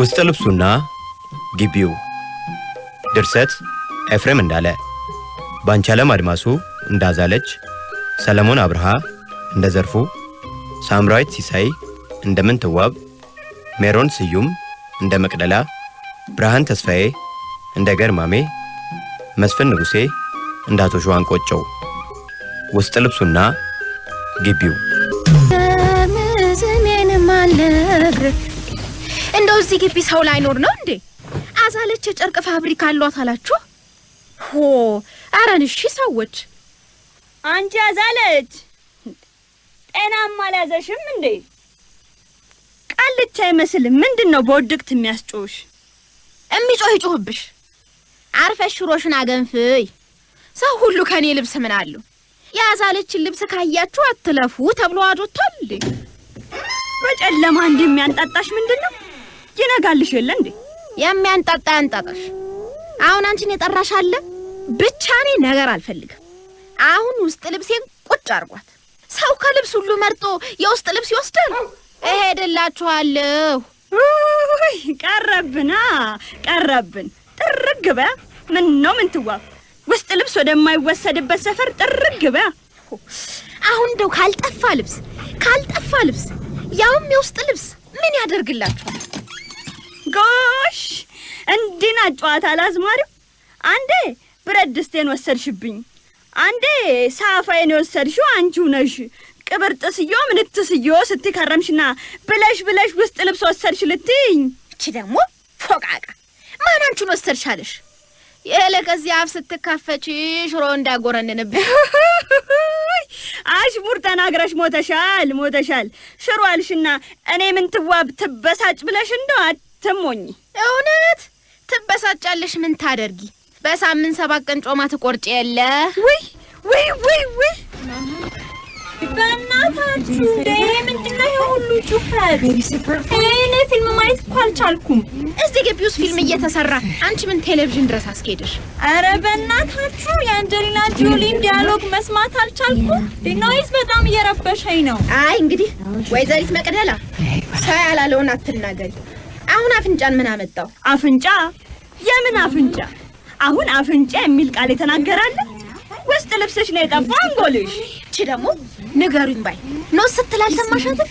ውስጥ ልብሱና ግቢው። ድርሰት ኤፍሬም እንዳለ፣ ባንቻለም አድማሱ እንዳዛለች፣ ሰለሞን አብርሃ እንደ ዘርፉ፣ ሳምራዊት ሲሳይ እንደ ምንትዋብ፣ ሜሮን ስዩም እንደ መቅደላ፣ ብርሃን ተስፋዬ እንደ ገርማሜ፣ መስፍን ንጉሴ እንደ አቶ ሸዋን ቆጨው። ውስጥ ልብሱና ግቢው እንደው እዚህ ግቢ ሰው ላይኖር ነው እንዴ? አዛለች የጨርቅ ፋብሪካ አሏት አላችሁ? ሆ አረን፣ እሺ ሰዎች። አንቺ አዛለች ጤናማ አልያዘሽም እንዴ? ቃልቻ አይመስልም። ምንድን ነው በውድቅት የሚያስጮሽ? እሚጮህ ይጮህብሽ። አርፈሽ ሽሮሽን አገንፍይ። ሰው ሁሉ ከኔ ልብስ ምን አለው? የአዛለችን ልብስ ካያችሁ አትለፉ ተብሎ አዶቷል በጨለማ እንደሚያንጣጣሽ ምንድን ነው? ይነጋልሽ የለ እንዴ? የሚያንጠጣ ያንጠጠሽ። አሁን አንቺን የጠራሽ አለ ብቻ። እኔ ነገር አልፈልግም። አሁን ውስጥ ልብሴን ቁጭ አርጓት። ሰው ከልብስ ሁሉ መርጦ የውስጥ ልብስ ይወስዳል። እሄድላችኋለሁ። ቀረብና ቀረብን። ጥርግ በያ። ምን ነው ምን ትዋብ ውስጥ ልብስ ወደማይወሰድበት ሰፈር ጥርግ በያ። አሁን እንደው ካልጠፋ ልብስ ካልጠፋ ልብስ ያውም የውስጥ ልብስ ምን ያደርግላችኋል? ጎሽ! እንዲና ናት ጨዋታ ላዝማሪው። አንዴ ብረት ድስቴን ወሰድሽብኝ፣ አንዴ ሳፋዬን የወሰድሽው አንቺው ነሽ። ቅብር ጥስዮ ምን ትስዮ ስትከረምሽና ብለሽ ብለሽ ውስጥ ልብስ ወሰድሽ ልትይኝ። እቺ ደግሞ ፎቃቃ ማን አንቺን ወሰድሻለሽ? የለ ከዚህ አፍ ስትካፈች ሽሮ እንዳጎረንንብሽ አሽሙር ተናግረሽ ሞተሻል ሞተሻል። ሽሮ አልሽና እኔ ምን ትዋብ ትበሳጭ ብለሽ እንደው ትሞኝ እውነት ትበሳጫለሽ። ምን ታደርጊ? በሳምንት ሰባት ቀን ጮማ ትቆርጭ የለ ውይ ውይ ውይ ውይ በእናታችሁ ምንድነው የሁሉ ጩኸት? እኔ ፊልም ማየት እኮ አልቻልኩም። እዚህ ግቢ ውስጥ ፊልም እየተሰራ አንቺ ምን ቴሌቪዥን ድረስ አስኬድሽ? አረ በእናታችሁ የአንጀሊና ጆሊን ዲያሎግ መስማት አልቻልኩም። ኖይዝ በጣም እየረበሸኝ ነው። አይ እንግዲህ ወይዘሪት መቅደላ ሰው ያላለውን አትናገሪ። አሁን አፍንጫን ምን አመጣው? አፍንጫ የምን አፍንጫ? አሁን አፍንጫ የሚል ቃል የተናገራለ ውስጥ ልብስሽ ነው የጠፋ አንጎልሽ። እቺ ደግሞ ንገሩኝ ባይ ነው ስትል አልሰማሻትም?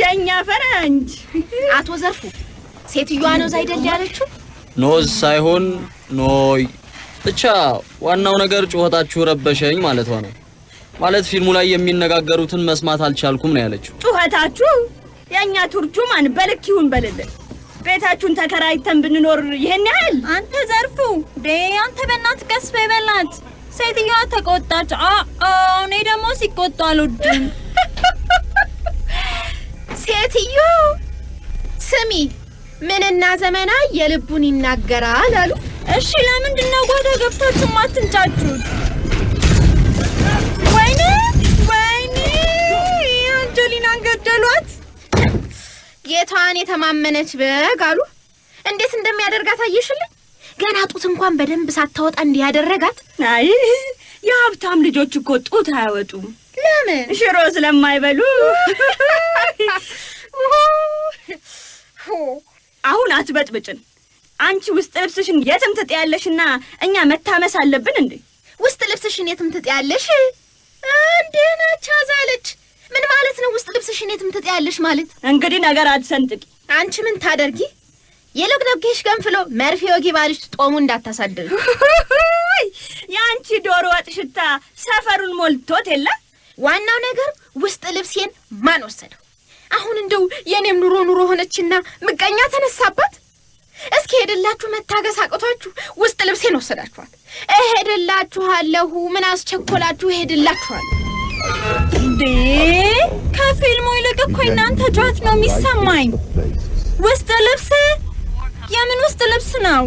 የኛ ፈረንጅ። አቶ ዘርፉ ሴትዮዋ ኖዝ አይደል ያለችው? ኖዝ ሳይሆን ኖይ። ብቻ ዋናው ነገር ጩኸታችሁ ረበሸኝ ማለቷ ነው። ማለት ፊልሙ ላይ የሚነጋገሩትን መስማት አልቻልኩም ነው ያለችው። ጩኸታችሁ የእኛ ማን በልክ ይሁን በልል ቤታችሁን ተከራይተን ብንኖር ይሄን ያህል አንተ ዘርፉ ዴ አንተ በእናት ቀስ በይ በላት ሴትዮዋ ተቆጣች አ እኔ ደግሞ ሲቆጣ አልወድም ሴትዮ ስሚ ምንና ዘመና የልቡን ይናገራል አሉ እሺ ለምንድን ነው ጓዳ ገብታችሁ ማትንጫጩት ወይኔ ወይኔ አንጀሊናን ገደሏት ጌታዋን የተማመነች በግ አሉ። እንዴት እንደሚያደርጋት አየሽልኝ? ገና ጡት እንኳን በደንብ ሳታወጣ እንዲያደረጋት። አይ የሀብታም ልጆች እኮ ጡት አያወጡም። ለምን? ሽሮ ስለማይበሉ። አሁን አትበጥብጭን። አንቺ ውስጥ ልብስሽን የትም ትጥያለሽና እኛ መታመስ አለብን እንዴ? ውስጥ ልብስሽን የትም ትጥያለሽ እንዴ? ናቻ ዛለች ምን ማለት ነው? ውስጥ ልብስሽን የትም ትጥያለሽ ማለት እንግዲህ ነገር አትሰንጥቂ። አንቺ ምን ታደርጊ? የሎግሎጌሽ ገንፍሎ መርፌ ወጊ ባልሽ ጦሙ እንዳታሳድር። የአንቺ ዶሮ ወጥ ሽታ ሰፈሩን ሞልቶት የለ። ዋናው ነገር ውስጥ ልብሴን ማን ወሰደው? አሁን እንደው የእኔም ኑሮ ኑሮ ሆነችና ምቀኛ ተነሳባት። እስኪ ሄደላችሁ መታገስ አቅቷችሁ ውስጥ ልብሴን ወሰዳችኋት። እሄድላችኋለሁ። ምን አስቸኮላችሁ? እሄድላችኋለሁ እንዴ ከፊልሙ ይልቅ እኮ እናንተ ጫት ነው የሚሰማኝ። ውስጥ ልብስ የምን ውስጥ ልብስ ነው?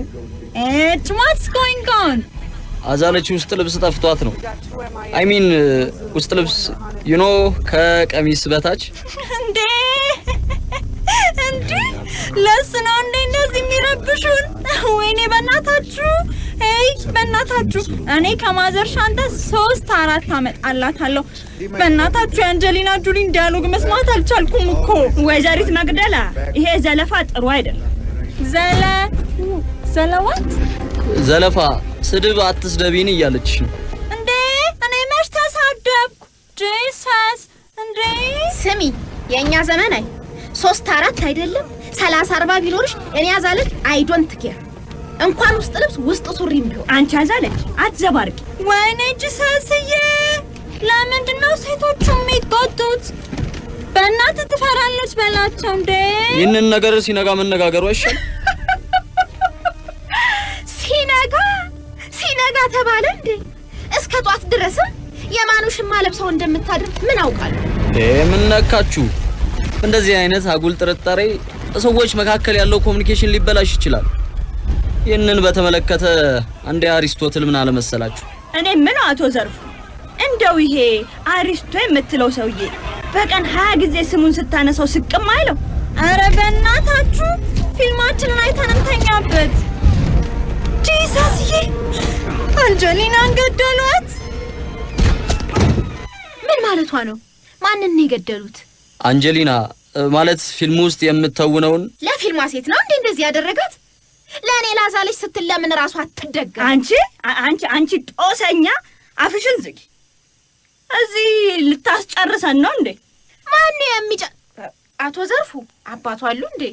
እጭ ዋትስ ጎይንግ ኦን አዛለች ውስጥ ልብስ ጠፍቷት ነው። አይ ሚን ውስጥ ልብስ ዩኖ ከቀሚስ በታች እንዴ እንዴ ለስ ነው እንደ የሚረብሹን? ወይኔ በእናታችሁ ይ በእናታችሁ እኔ ከማዘር ሻንተ ሶስት አራት አመጣላታለሁ። በእናታችሁ የአንጀሊና ጁሊን ዲያሎግ መስማት አልቻልኩም እኮ ወይዘሪት መግደላ፣ ይሄ ዘለፋ ጥሩ አይደለም። ዘለ ዘለዋት ዘለፋ ስድብ አትስደቢን ነው እንዴ? እኔ መች ተሳደብኩ? ጄሰስ እንዴ! ስሚ የእኛ ዘመን አይ ሶስት አራት አይደለም ሰላሳ አርባ ቢኖርሽ እኔ አዛለች አይ ዶንት ኬር እንኳን ውስጥ ልብስ ውስጥ ሱሪ ቢሆን አንቺ አዛለች አትዘባርቂ። ወይኔ ጅሰስዬ፣ ለምንድን ነው ሴቶቹ የሚቆጡት? በእናት ትፈራለች በላቸው እንዴ። ይህንን ነገር ሲነጋ መነጋገሩ አይሻል? ሲነጋ ሲነጋ ተባለ እንዴ? እስከ ጧት ድረስም የማኑሽማ ለብሰው እንደምታድር ምን አውቃለሁ። ምን ነካችሁ? እንደዚህ አይነት አጉል ጥርጣሬ በሰዎች መካከል ያለው ኮሚኒኬሽን ሊበላሽ ይችላል። ይህንን በተመለከተ አንዴ አሪስቶትል ምን መሰላችሁ? እኔ ምን አቶ ዘርፉ እንደው ይሄ አሪስቶ የምትለው ሰውዬ በቀን ሀያ ጊዜ ስሙን ስታነሳው ስቅም አይለው? አረ በእናታችሁ ፊልማችንን አይተን እንተኛበት። ጂሳስዬ አንጀሊናን ገደሏት። ምን ማለቷ ነው? ማንን ነው የገደሉት? አንጀሊና ማለት ፊልሙ ውስጥ የምትተውነውን ለፊልሟ ሴት ነው እንዴ እንደዚህ ያደረጋት? ለእኔ ላዛለች ስትል ለምን ራሷ አትደገ? አንቺ አንቺ አንቺ ጦሰኛ አፍሽን ዝጊ። እዚህ ልታስጨርሰን ነው እንዴ? ማነው የሚጨ አቶ ዘርፉ አባቱ አሉ እንዴ?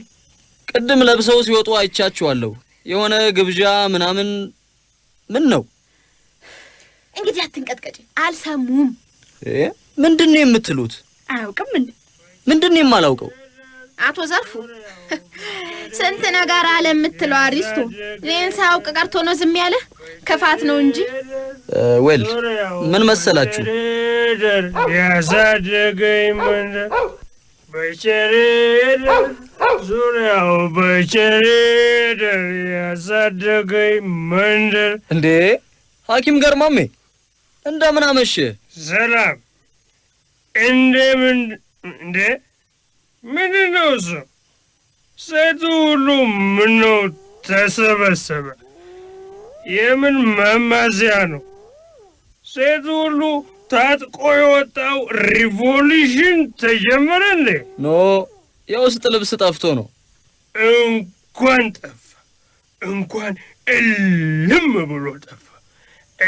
ቅድም ለብሰው ሲወጡ አይቻችኋለሁ። የሆነ ግብዣ ምናምን ምን ነው እንግዲህ አትንቀጥቀጭ። አልሰሙም። ምንድን ነው የምትሉት? አያውቅም እንዴ ምንድን ነው የማላውቀው? አቶ ዘርፉ ስንት ነገር አለ የምትለው አሪስቱ እኔን ሳያውቅ ቀርቶ ነው ዝም ያለ? ክፋት ነው እንጂ። ወል ምን መሰላችሁ ያሳደገኝ በቸሬል ዙሪያው ያሳደገኝ መንደር። እንዴ ሐኪም ገርማሜ እንደምን አመሸህ? ሰላም እንደምን እንዴ ምን ነው እሱ? ሴቱ ሁሉ ምነው ተሰበሰበ? የምን መማዚያ ነው? ሴቱ ሁሉ ታጥቆ የወጣው ሪቮሉሽን ተጀመረ እንዴ? ኖ የውስጥ ልብስ ጠፍቶ ነው። እንኳን ጠፋ እንኳን እልም ብሎ ጠፋ።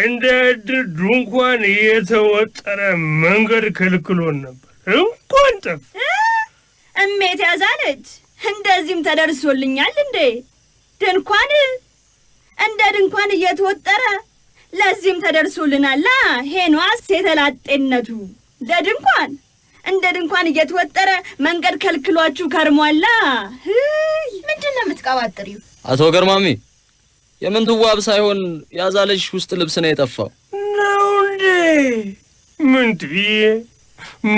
እንደ ዕድር ድንኳን የተወጠረ መንገድ ከልክሎን ነበር። እንቆንጥፍ እሜት ያዛለች። እንደዚህም ተደርሶልኛል እንዴ! ድንኳን እንደ ድንኳን እየተወጠረ ለዚህም ተደርሶልናላ። ሄኗስ የተላጤነቱ ለድንኳን እንደ ድንኳን እየተወጠረ መንገድ ከልክሏችሁ ከርሟላ። ምንድን ነው የምትቀባጥሪው? አቶ ገርማሜ የምንትዋብ ሳይሆን ያዛለች ውስጥ ልብስ ነው የጠፋው ነው እንዴ? ምንትዬ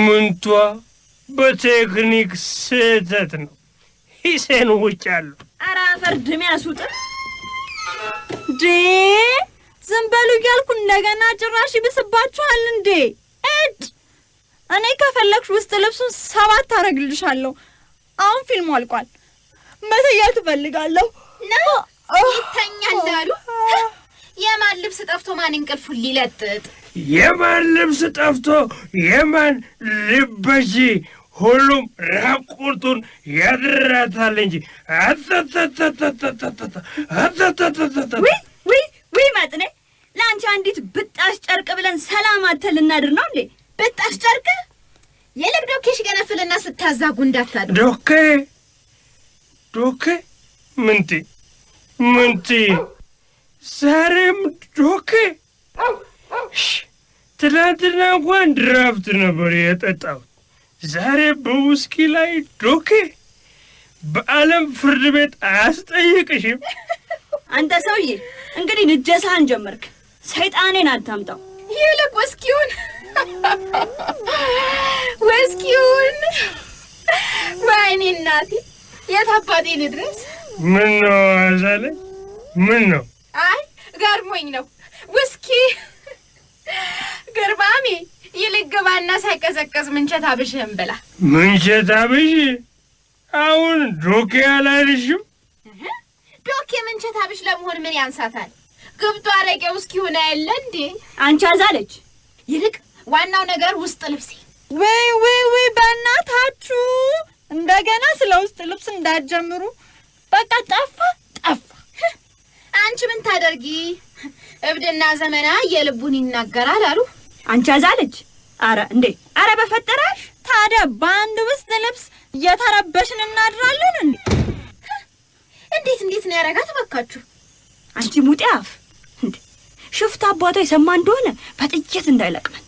ምንቷ በቴክኒክ ስህተት ነው። ሂሴን ውጭ አሉ። ኧረ አፈር ድሜ ያስውጥ ዴ ዝም በሉ እያልኩ እንደገና ጭራሽ ይብስባችኋል እንዴ? እድ እኔ ከፈለግሽ ውስጥ ልብሱን ሰባት አረግልሻለሁ። አሁን ፊልሙ አልቋል። መተኛ ትፈልጋለሁ! ነው ይተኛ እንዳሉ የማን ልብስ ጠፍቶ ማን እንቅልፉ ሊለጥጥ? የማን ልብስ ጠፍቶ የማን ልበሺ? ሁሉም ራቁርቱን ያድራታል እንጂ ውይ መጥኔ፣ ለአንቺ አንዲት ብጣሽ ጨርቅ ብለን ሰላም አተን ልናድር ነው እንዴ? ብጣሽ ጨርቅ የልብ ዶኬሽ ገነፍልና ስታዛጉ እንዳታድር። ዶኬ ዶኬ ምንቲ ምንቲ ዛሬም ዶኬ ትናንትና እንኳን ድራፍት ነበር የጠጣሁት። ዛሬ በውስኪ ላይ ዶኬ። በዓለም ፍርድ ቤት አያስጠይቅሽም። አንተ ሰውዬ እንግዲህ ንጀሳህን ጀመርክ። ሰይጣኔን አታምጣው። ይልቅ ውስኪውን ውስኪውን ወይኔ እናቴ የት አባቴ ልድረስ? ምን ነው አዛለ ምን ነው አይ ገርሞኝ ነው። ውስኪ ግርባሜ ይልግባና ሳይቀዘቀዝ ምንቸት አብሽህን ብላ። ምንቸት አብሽ አሁን ዶኬ አላልሽም? ዶኬ ምንቸት አብሽ ለመሆን ምን ያንሳታል? ግብጦ አረቄ ውስኪ ሆነ ያለ እንዴ? አንቺ አዛለች። ይልቅ ዋናው ነገር ውስጥ ልብሴ። ወይ ወይ ወይ፣ በእናታችሁ እንደገና ስለ ውስጥ ልብስ እንዳትጀምሩ። በቃ ጠፋ። አንቺ ምን ታደርጊ? እብድና ዘመና የልቡን ይናገራል አሉ። አንቺ አዛለች። አረ እንዴ! አረ በፈጠረሽ። ታዲያ በአንድ ውስጥ ልብስ እየተረበሽን እናድራለን እንዴ? እንዴት እንዴት ነው ያረጋት? እባካችሁ አንቺ ሙጤ አፍ እንዴ! ሽፍታ አባቷ የሰማ እንደሆነ በጥይት እንዳይለቅመን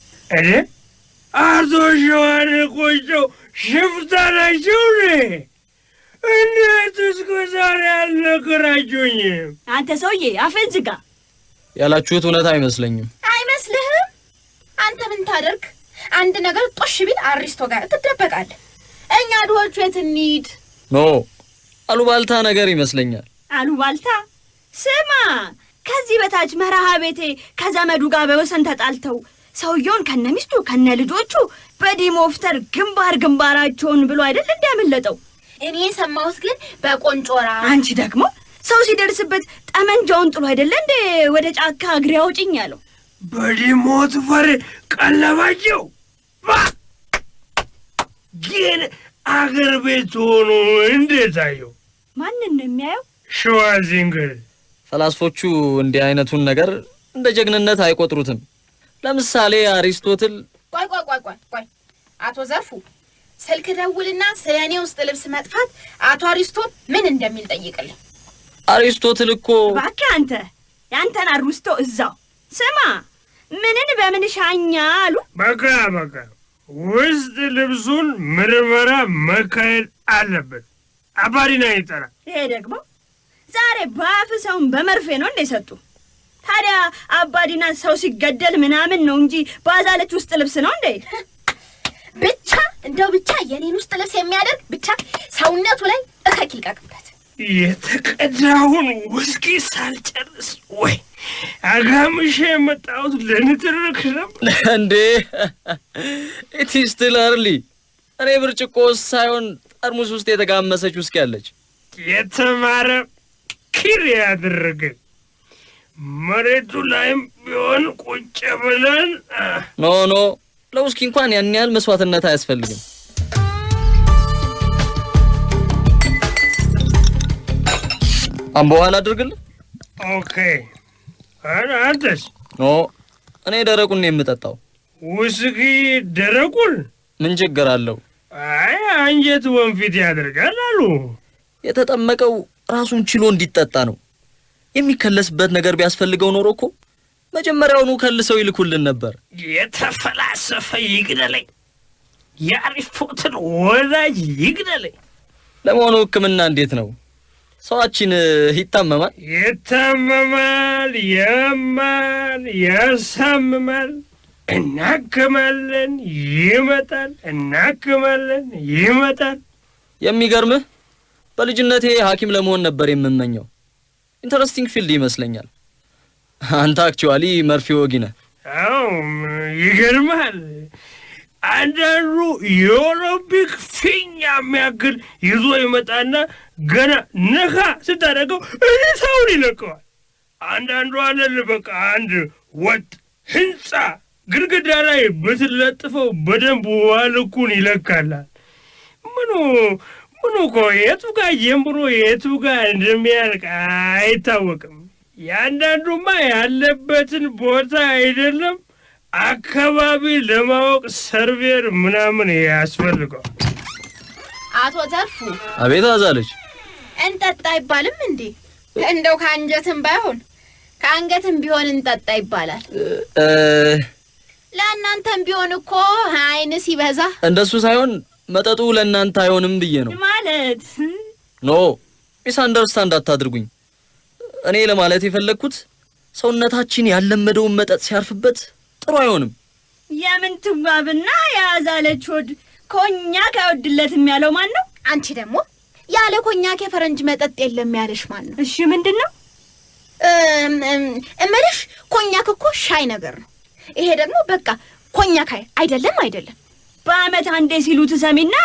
አርቶ ሸዋን ቆጮ ሽፍታ ናቸው እንዴት እስከ ዛሬ አልነገራችሁኝም? አንተ ሰውዬ አፍህን ዝጋ። ያላችሁት እውነት አይመስለኝም። አይመስልህም? አንተ ምን ታደርግ፣ አንድ ነገር ጦሽ ቢል አሪስቶ ጋር ትደበቃለህ። እኛ ድሆቹ የት እንሂድ? ኖ አሉባልታ ነገር ይመስለኛል። አሉባልታ ስማ፣ ከዚህ በታች መርሃ ቤቴ ከዘመዱ ጋር በወሰን ተጣልተው ሰውየውን ከነ ሚስቱ ከነ ልጆቹ በዲሞፍተር ግንባር ግንባራቸውን ብሎ አይደል እንዲያመለጠው እኔ የሰማሁት ግን በቆንጮራ። አንቺ ደግሞ ሰው ሲደርስበት ጠመንጃውን ጥሎ አይደለ እንዴ ወደ ጫካ እግሬ አውጭኝ ያለው? በዲሞት ፈር ቀለባቸው ግን አገር ቤት ሆኖ እንዴት አየው? ማንን ነው የሚያየው? ሸዋዚንግር። ፈላስፎቹ እንዲህ አይነቱን ነገር እንደ ጀግንነት አይቆጥሩትም። ለምሳሌ አሪስቶትል። ቆይ ቆይ ቆይ ቆይ ቆይ አቶ ዘርፉ ስልክ ደውልና ስለ እኔ ውስጥ ልብስ መጥፋት አቶ አሪስቶ ምን እንደሚል ጠይቅልኝ። አሪስቶትል እኮ እባክህ አንተ ያንተን አሪስቶ እዛው ስማ። ምንን በምን ሻኛ አሉ። በቃ በቃ፣ ውስጥ ልብሱን ምርመራ መካሄድ አለበት። አባሪና ይጠራ። ይሄ ደግሞ ዛሬ በአፍ ሰውን በመርፌ ነው እንደ ሰጡ። ታዲያ አባዲና ሰው ሲገደል ምናምን ነው እንጂ ባዛለች ውስጥ ልብስ ነው እንዴ? ብቻ እንደው ብቻ የኔን ውስጥ ልብስ የሚያደርግ ብቻ ሰውነቱ ላይ እከክ ልቀቅበት። የተቀዳውን ውስኪ ሳልጨርስ ወይ አጋምሽ የመጣሁት ለንትርክ ነው እንዴ? ኢትስ ስቲል አርሊ። እኔ ብርጭቆ ሳይሆን ጠርሙስ ውስጥ የተጋመሰች ውስኪ አለች። የተማረ ኪር ያድርግ። መሬቱ ላይም ቢሆን ቁጭ ብለን ኖ ኖ ለውስኪ እንኳን ያን ያህል መስዋዕትነት አያስፈልግም። አምቦዋን አድርግል። ኦኬ። አንተስ? ኦ እኔ ደረቁን ነው የምጠጣው። ውስኪ ደረቁን ምን ችግር አለው? አይ አንጀት ወንፊት ያደርጋል አሉ። የተጠመቀው ራሱን ችሎ እንዲጠጣ ነው። የሚከለስበት ነገር ቢያስፈልገው ኖሮ እኮ መጀመሪያውኑ ከልሰው ይልኩልን ነበር። የተፈላሰፈ ይግደለኝ፣ የአሪስቶትል ወዳጅ ይግደለኝ። ለመሆኑ ሕክምና እንዴት ነው? ሰዋችን ይታመማል ይታመማል፣ ያማል፣ ያሳምማል። እናክማለን ይመጣል፣ እናክማለን ይመጣል። የሚገርምህ በልጅነቴ ሐኪም ለመሆን ነበር የምመኘው። ኢንተረስቲንግ ፊልድ ይመስለኛል። አንተ አክቹዋሊ መርፌ ወጊ ነህ። አው ይገርማል። አንዳንዱ የኦሎምፒክ ፊኛ የሚያክል ይዞ ይመጣና ገና ነካ ስታደርገው እኔ እሳውን ይለቀዋል። አንዳንዱ አለል በቃ አንድ ወጥ ህንፃ ግድግዳ ላይ ብትለጥፈው በደንብ ዋልኩን ይለካላል። ምኑ ምኑ እኮ የቱ ጋር ጀምሮ የቱ ጋር እንደሚያልቅ አይታወቅም። ያንዳንዱማ ያለበትን ቦታ አይደለም አካባቢ ለማወቅ ሰርቬር ምናምን ያስፈልገው። አቶ ዘርፉ። አቤት አዛለች። እንጠጣ አይባልም እንዴ? እንደው ከአንጀትም ባይሆን ከአንገትም ቢሆን እንጠጣ ይባላል። ለእናንተም ቢሆን እኮ አይን ሲበዛ እንደሱ ሳይሆን መጠጡ ለእናንተ አይሆንም ብዬ ነው ማለት። ኖ ሚስ አንደርስታንድ አታድርጉኝ። እኔ ለማለት የፈለግኩት ሰውነታችን ያለመደውን መጠጥ ሲያርፍበት ጥሩ አይሆንም። የምንትባብና የያዛለች ሆድ ኮኛክ አይወድለትም ያለው ማን ነው? አንቺ ደግሞ ያለ ኮኛክ የፈረንጅ መጠጥ የለም ያለሽ ማን ነው? እሺ ምንድን ነው እመልሽ? ኮኛክ እኮ ሻይ ነገር ነው። ይሄ ደግሞ በቃ ኮኛክ አይደለም። አይደለም በአመት አንዴ ሲሉ ትሰሚና፣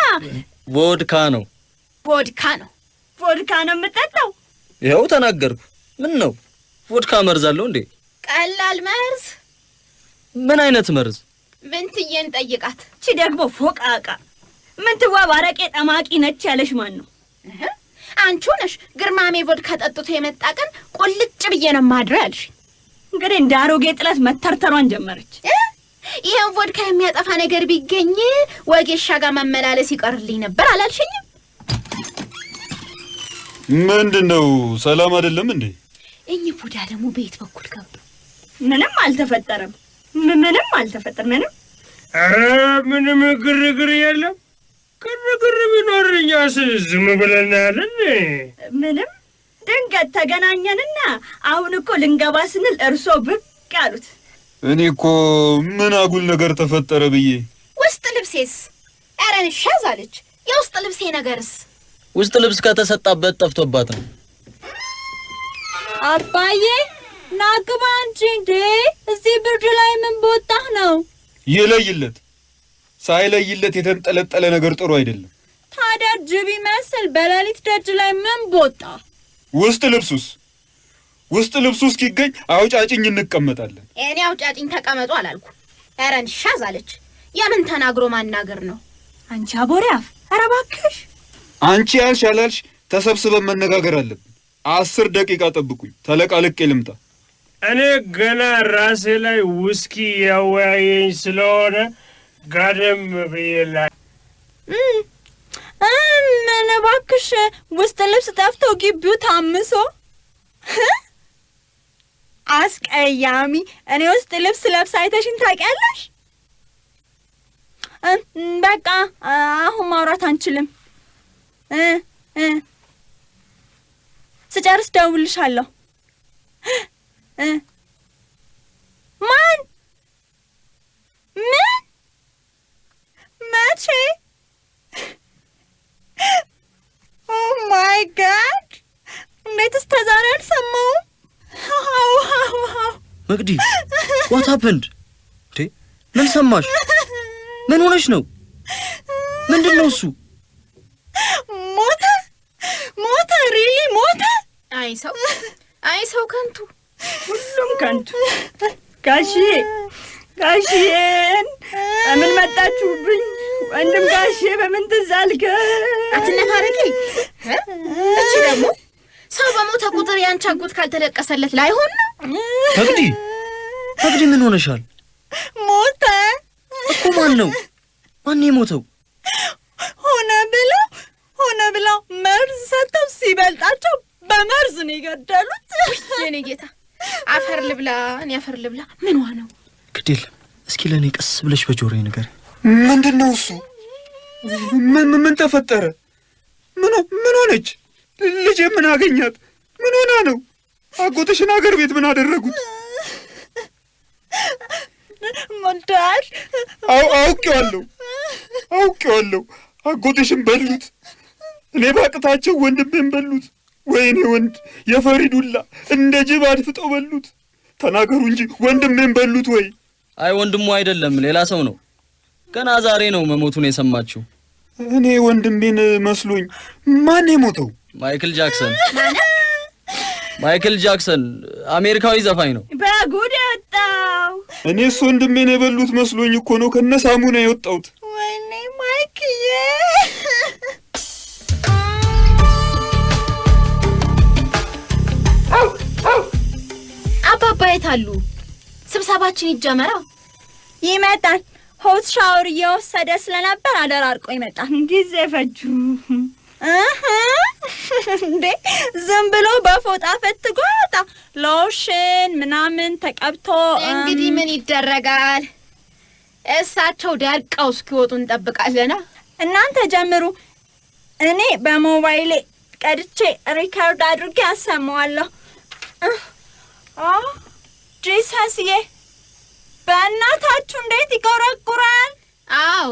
ቮድካ ነው ቮድካ ነው ቮድካ ነው የምጠጣው። ይኸው ተናገርኩ። ምን ነው ቮድካ መርዝ አለው እንዴ? ቀላል መርዝ። ምን አይነት መርዝ? ምንትዬን ጠይቃት። እቺ ደግሞ ፎቃቃ ምንትዋ ባረቄ ጠማቂ ነች ያለሽ ማን ነው? አንቺ ነሽ። ግርማሜ ቮድካ ጠጥቶ የመጣ ቀን ቁልጭ ብዬ ነው ማድረው ያልሽ። እንግዲህ እንደ አሮጌ ጥለት መተርተሯን ጀመረች። ይህን ቮድካ የሚያጠፋ ነገር ቢገኝ ወጌሻ ጋር መመላለስ ይቀርልኝ ነበር አላልሽኝም? ምንድን ነው ሰላም አይደለም እንዴ? እኚህ ቡዳ ደግሞ በየት በኩል ገቡ? ምንም አልተፈጠረም። ምንም አልተፈጠረም። ምንም። ኧረ ምንም ግርግር የለም። ግርግር ቢኖር እኛስ ዝም ብለን ያለን ምንም። ድንገት ተገናኘንና አሁን እኮ ልንገባ ስንል እርሶ ብቅ አሉት እኔ እኮ ምን አጉል ነገር ተፈጠረ ብዬ ውስጥ ልብሴስ ኧረን ሻዝ አለች። የውስጥ ልብሴ ነገርስ ውስጥ ልብስ ከተሰጣበት ጠፍቶባት ነው። አባዬ ናግባ እንጂ እንዴ! እዚህ ብርድ ላይ ምን በወጣህ ነው? ይለይለት። ሳይለይለት የተንጠለጠለ ነገር ጥሩ አይደለም። ታዲያ ጅብ ይመስል በሌሊት ደጅ ላይ ምን ቦታ? ውስጥ ልብሱስ ውስጥ ልብሱ እስኪገኝ አውጫጭኝ እንቀመጣለን። እኔ አውጫጭኝ ተቀመጡ አላልኩ። ረን ሻዝ አለች። የምን ተናግሮ ማናገር ነው? አንቺ አቦሪያፍ፣ ኧረ እባክሽ! አንቺ ያልሽ አላልሽ ተሰብስበን መነጋገር አለብን። አስር ደቂቃ ጠብቁኝ፣ ተለቃልቄ ልምጣ። እኔ ገና ራሴ ላይ ውስኪ ያወያየኝ ስለሆነ ጋደም ብዬላ እባክሽ፣ ውስጥ ልብስ ጠፍቶ ግቢው ታምሶ አስቀያሚ። እኔ ውስጥ ልብስ ለብሳ አይተሽን ታውቂያለሽ? በቃ አሁን ማውራት አንችልም። ስጨርስ ደውልሻለሁ። ማን? ምን? መቼ? ኦ oh ማይ ጋድ! እንዴት እስከ ዛሬ አልሰማሁም? መቅዲ ዋት ሀፐንድ? እንዴ ምን ሰማሽ? ምን ሆነሽ ነው? ምንድን ነው እሱ? ሞተ ሞተ ሪሊ ሞተ አይ ሰው አይ ሰው ከንቱ፣ ሁሉም ከንቱ። ጋሽዬ ጋሽዬን በምን መጣችሁብኝ? ወንድም ጋሽዬ በምን ትዝ አልከ? አትነፋረቂ። እቺ ደግሞ ሰው በሞተ ቁጥር ያንቺ አጎት ካልተለቀሰለት ላይሆን ነው። ፈቅዲ ፈቅዲ፣ ምን ሆነሻል? ሞተ እኮ። ማን ነው ማን የሞተው? ሆነ ብለው ሆነ ብለው መርዝ ሰጥተው ሲበልጣቸው በመርዝ ነው የገደሉት። የኔ ጌታ አፈር ልብላ፣ እኔ አፈር ልብላ። ምንዋ ነው ግዴል? እስኪ ለእኔ ቀስ ብለሽ በጆሮ ንገሪ። ምንድን ነው እሱ? ምን ተፈጠረ? ምን ሆነች? ልጄ ምን አገኛት? ምን ሆና ነው? አጎትሽን አገር ቤት ምን አደረጉት? ሞልተዋል። አውቄዋለሁ፣ አውቄዋለሁ። አጎትሽን በሉት። እኔ ባቅታቸው ወንድሜን በሉት። ወይኔ ወንድ የፈሪ ዱላ እንደ ጅብ አድፍጦ በሉት። ተናገሩ እንጂ ወንድሜን በሉት ወይ? አይ ወንድሙ አይደለም ሌላ ሰው ነው። ገና ዛሬ ነው መሞቱን የሰማችው። እኔ ወንድሜን መስሎኝ። ማን የሞተው? ማይክል ጃክሰን። ማይክል ጃክሰን አሜሪካዊ ዘፋኝ ነው። በጉድ ወጣው። እሱ ወንድሜን የበሉት መስሎኝ እኮ ነው ከነሳሙና የወጣሁት። ወይኔ ማይክዬ አሉ? ስብሰባችን ይጀመራ። ይመጣል። ሆት ሻወር እየወሰደ ስለነበር አደራርቆ ይመጣል። ጊዜ ፈጁ እንዴ! ዝም ብሎ በፎጣ ፈትጎ ወጣ። ሎሽን ምናምን ተቀብቶ እንግዲህ ምን ይደረጋል። እሳቸው ደርቀው እስኪወጡ እንጠብቃለና እናንተ ጀምሩ። እኔ በሞባይሌ ቀድቼ ሪከርድ አድርጌ አሰማዋለሁ። ጂሰስዬ በእናታችሁ እንዴት ይቆረቁራል? አዎ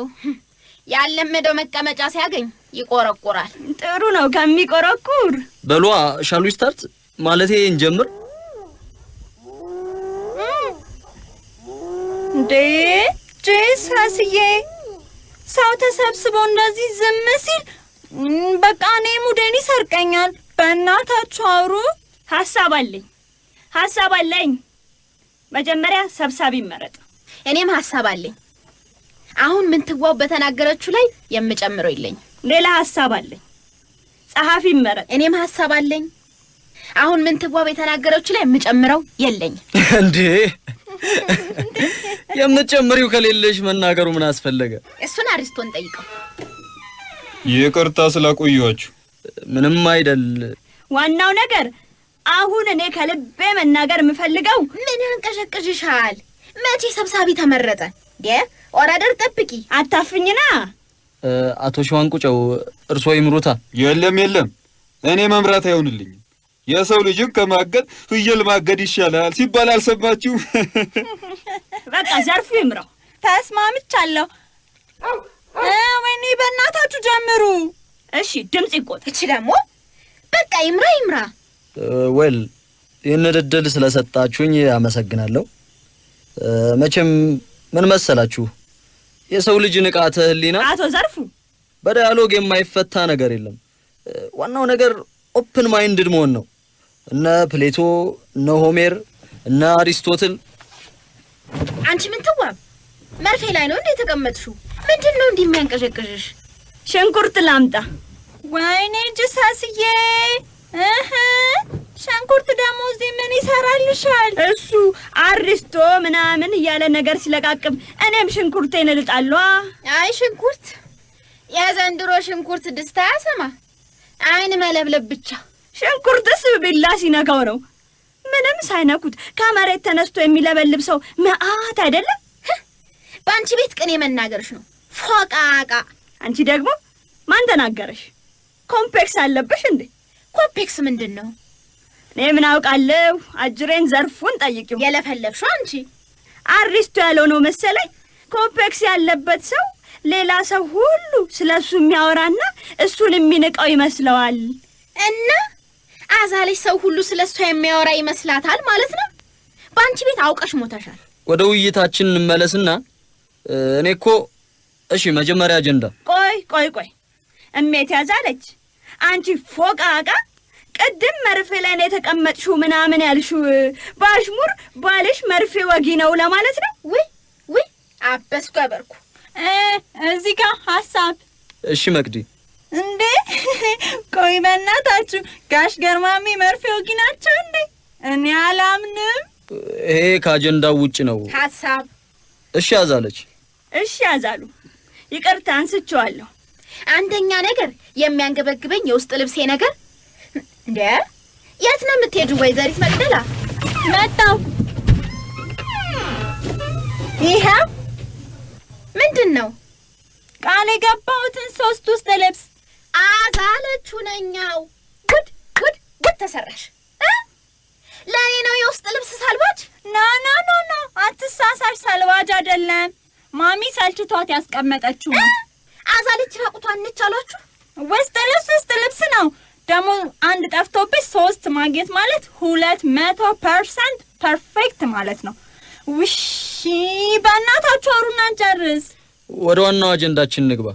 ያለመደው መቀመጫ ሲያገኝ ይቆረቁራል። ጥሩ ነው ከሚቆረቁር። በሏ ሻሉ ስታርት ማለቴ እንጀምር እንዴ? ጂሰስዬ ሰው ተሰብስቦ እንደዚህ ዝም ሲል በቃ እኔ ሙደን ይሰርቀኛል። በእናታችሁ አውሩ። ሀሳብ አለኝ ሀሳብ አለኝ መጀመሪያ ሰብሳቢ ይመረጥ። እኔም ሀሳብ አለኝ። አሁን ምንትዋብ በተናገረችው ላይ የምጨምረው የለኝ። ሌላ ሀሳብ አለኝ። ጸሐፊ ይመረጥ። እኔም ሀሳብ አለኝ። አሁን ምንትዋብ የተናገረችው ላይ የምጨምረው የለኝ። እንዴ የምትጨምሪው ከሌለሽ መናገሩ ምን አስፈለገ? እሱን አሪስቶን ጠይቀው። ይቅርታ ስላቆየኋችሁ። ምንም አይደል። ዋናው ነገር አሁን እኔ ከልቤ መናገር የምፈልገው ምን ያንቀዠቅዥሻል? መቼ ሰብሳቢ ተመረጠ? ኦራደር ጠብቂ አታፍኝና። አቶ ቁጨው እርሶ ይምሩታ። የለም የለም፣ እኔ መምራት አይሆንልኝም። የሰው ልጅም ከማገድ ፍየል ማገድ ይሻላል ሲባል አልሰማችሁም? በቃ ዘርፉ ይምራው። ተስማምቻለሁ። ወይኔ በእናታችሁ ጀምሩ። እሺ ድምፅ ይቆጥ። እቺ ደግሞ በቃ ይምራ ይምራ። ወል ይህንን እድል ስለሰጣችሁኝ አመሰግናለሁ። መቼም ምን መሰላችሁ የሰው ልጅ ንቃተ ህሊና አቶ ዘርፉ በዳያሎግ የማይፈታ ነገር የለም። ዋናው ነገር ኦፕን ማይንድድ መሆን ነው። እነ ፕሌቶ እነ ሆሜር እነ አሪስቶትል አንቺ ምን ትዋብ መርፌ ላይ ነው እንዴ የተቀመጥሽው? ምንድን ነው እንዲህ ሽንኩርት ላምጣ። ወይኔ ጅሳስዬ ሽንኩርት ደግሞ እዚህ ምን ይሰራልሻል? እሱ አሪስቶ ምናምን እያለ ነገር ሲለቃቅም እኔም ሽንኩርቴን እልጣለሁ። አይ ሽንኩርት፣ የዘንድሮ ሽንኩርት ድስታ ያሰማ አይን መለብለብ ብቻ። ሽንኩርትስ ቢላ ሲነካው ነው ምንም ሳይነኩት ከመሬት ተነስቶ የሚለበልብ ሰው መአት አይደለም። በአንቺ ቤት ቅኔ መናገርሽ ነው ፎቃቃ። አንቺ ደግሞ ማን ተናገረሽ? ኮምፕሌክስ አለብሽ እንዴ? ኮምፕሌክስ ምንድን ነው? እኔ ምን አውቃለሁ። አጅሬን ዘርፉን ጠይቂው። የለፈለፍሽው አንቺ አሪስቱ ያለው ነው መሰለኝ። ኮምፕሌክስ ያለበት ሰው ሌላ ሰው ሁሉ ስለ እሱ የሚያወራና እሱን የሚንቀው ይመስለዋል። እና አዛለች ሰው ሁሉ ስለ እሷ የሚያወራ ይመስላታል ማለት ነው። በአንቺ ቤት አውቀሽ ሞተሻል። ወደ ውይይታችን እንመለስና እኔ እኮ እሺ፣ መጀመሪያ አጀንዳ ቆይ ቆይ ቆይ እሜት ያዛለች አንቺ ፎቃቃ ቅድም መርፌ ላይ ነው የተቀመጥሽው ምናምን ያልሽው በአሽሙር ባልሽ መርፌ ወጊ ነው ለማለት ነው? ውይ ውይ አበስኩ ያበርኩ። እዚህ ጋር ሀሳብ። እሺ መቅዲ እንዴ ቆይ በእናታችሁ ጋሽ ገርማሚ መርፌ ወጊ ናቸው እንዴ? እኔ አላምንም። ይሄ ከአጀንዳው ውጭ ነው። ሀሳብ እሺ ያዛለች። እሺ ያዛሉ። ይቅርታ አንስቼዋለሁ። አንደኛ ነገር የሚያንገበግበኝ የውስጥ ልብሴ ነገር እንዴ የት ነው የምትሄዱ? ወይዘሪት መቅደላ መጣው። ይሄ ምንድን ነው ቃል የገባሁትን ሶስት ውስጥ ልብስ አዛለች ሁነኛው። ጉድ ጉድ ጉድ ተሰራሽ። ለእኔ ነው የውስጥ ልብስ ሳልባጅ? ና ና ና ና አትሳሳሽ፣ ሳልባጅ አይደለም። ማሚ ሰልችቷት ያስቀመጠችው አዛለች ራቁቷን እንቻሏችሁ። ውስጥ ልብስ ውስጥ ልብስ ነው ደግሞ ማግኘት ማለት ሁለት መቶ ፐርሰንት ፐርፌክት ማለት ነው። ውሺ በእናታችሁ አውሩና እንጨርስ። ወደ ዋናው አጀንዳችን ንግባ።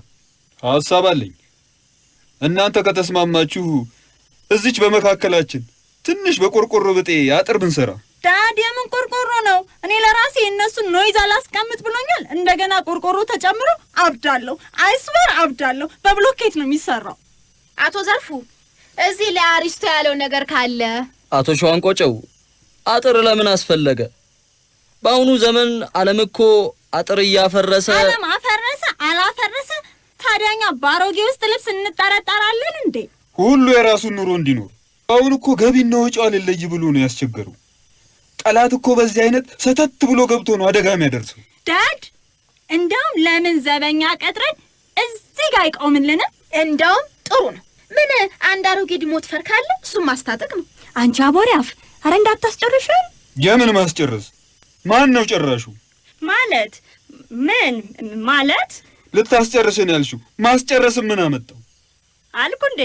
ሀሳብ አለኝ። እናንተ ከተስማማችሁ እዚች በመካከላችን ትንሽ በቆርቆሮ ብጤ አጥር ብንሰራ። ዳድ የምን ቆርቆሮ ነው? እኔ ለራሴ እነሱን ኖይዝ አላስቀምጥ ብሎኛል። እንደገና ቆርቆሮ ተጨምሮ አብዳለሁ። አይስበር አብዳለሁ። በብሎኬት ነው የሚሰራው። አቶ ዘርፉ እዚህ ላይ አሪስቶ ያለው ነገር ካለ አቶ ሸዋን ቆጨው አጥር ለምን አስፈለገ? በአሁኑ ዘመን ዓለም እኮ አጥር እያፈረሰ ዓለም አፈረሰ አላፈረሰ ታዲያኛ ባሮጌ ውስጥ ልብስ እንጠረጠራለን እንዴ? ሁሉ የራሱን ኑሮ እንዲኖር አሁን እኮ ገቢና ወጪው አልለይ ብሎ ነው ያስቸገረው። ጠላት እኮ በዚህ አይነት ሰተት ብሎ ገብቶ ነው አደጋ የሚያደርሰው። ዳድ እንደውም ለምን ዘበኛ ቀጥረን እዚህ ጋር አይቆምልንም? እንደውም ጥሩ ነው ምን አንድ አሮጌ ድሞት ፈርካለ? እሱም ማስታጠቅ ነው። አንቺ አቦሬ አፍ! አረ እንዳታስጨርሽን። የምን ማስጨርስ? ማን ነው ጨራሹ? ማለት ምን ማለት? ልታስጨርሽን ያልሽው ማስጨረስ ምን አመጣው? አልኩ እንዴ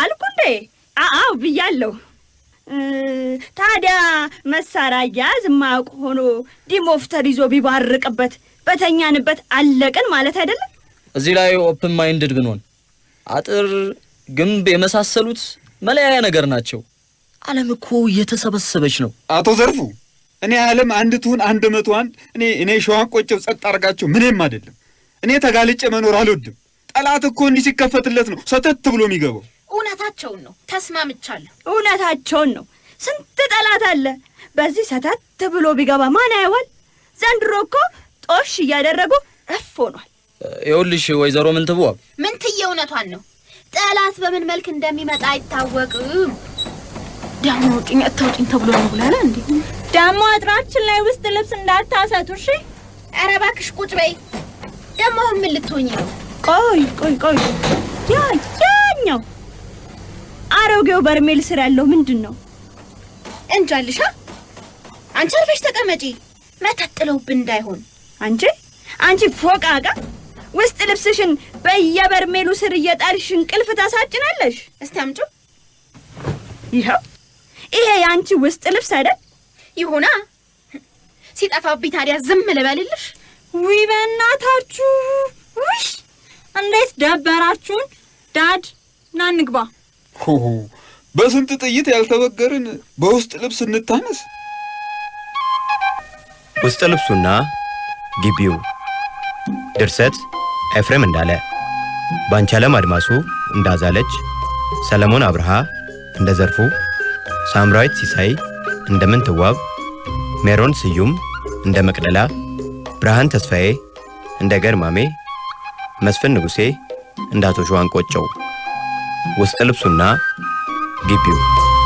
አልኩ እንዴ? አዎ ብያለሁ። ታዲያ መሳሪያ አያያዝ የማያውቅ ሆኖ ዲሞፍተር ይዞ ቢባርቅበት በተኛንበት አለቅን ማለት አይደለም። እዚህ ላይ ኦፕን ማይንድድ ግን ሆን አጥር፣ ግንብ የመሳሰሉት መለያያ ነገር ናቸው። ዓለም እኮ እየተሰበሰበች ነው። አቶ ዘርፉ እኔ ዓለም አንድ ትሁን አንድ መቶ አንድ እኔ እኔ ሸዋን ቆጨው ጸጥ አድርጋቸው ምንም አይደለም። እኔ ተጋልጬ መኖር አልወድም። ጠላት እኮ እንዲህ ሲከፈትለት ነው ሰተት ብሎ የሚገባው። እውነታቸውን ነው። ተስማምቻለሁ። እውነታቸውን ነው። ስንት ጠላት አለ። በዚህ ሰተት ብሎ ቢገባ ማን ያየዋል? ዘንድሮ እኮ ጦሽ እያደረጉ ረፍ ሆኗል። ይኸውልሽ ወይዘሮ ምንትቦ ምንትዬ እውነቷን ነው። ጠላት በምን መልክ እንደሚመጣ አይታወቅም። ዳሞ አውጪኝ አታውጪኝ ተብሎ ነው ብላለ እንዴ? ዳሞ አጥራችን ላይ ውስጥ ልብስ እንዳታሰጡ እሺ። ኧረ እባክሽ ቁጭ በይ። ደግሞ ምን ልትሆኝ ነው? ቆይ ቆይ ቆይ፣ ያ ያኛው አሮጌው በርሜል ስር ያለው ምንድን ነው? እንጃልሻ። አንቺ አርፈሽ ተቀመጪ፣ መተጥለውብን እንዳይሆን። አንቺ አንቺ ፎቃቃ ውስጥ ልብስሽን በየበርሜሉ ስር እየጣልሽ እንቅልፍ ታሳጭናለሽ። እስቲ አምጪው። ይኸው ይሄ የአንቺ ውስጥ ልብስ አይደል? ይሁና። ሲጠፋብኝ ታዲያ ዝም ልበልልሽ? ውይ በእናታችሁ፣ ውሽ፣ እንዴት ደበራችሁን! ዳድ ና እንግባ። በስንት ጥይት ያልተበገርን በውስጥ ልብስ እንታነስ። ውስጥ ልብሱና ግቢው ድርሰት ኤፍሬም እንዳለ፣ ባንቻለም አድማሱ እንዳዛለች፣ ሰለሞን አብርሃ እንደ ዘርፉ፣ ሳምራዊት ሲሳይ እንደ ምንትዋብ፣ ሜሮን ስዩም እንደ መቅደላ፣ ብርሃን ተስፋዬ እንደ ገርማሜ፣ መስፍን ንጉሴ እንደ አቶ ውስጥ ልብሱና ግቢው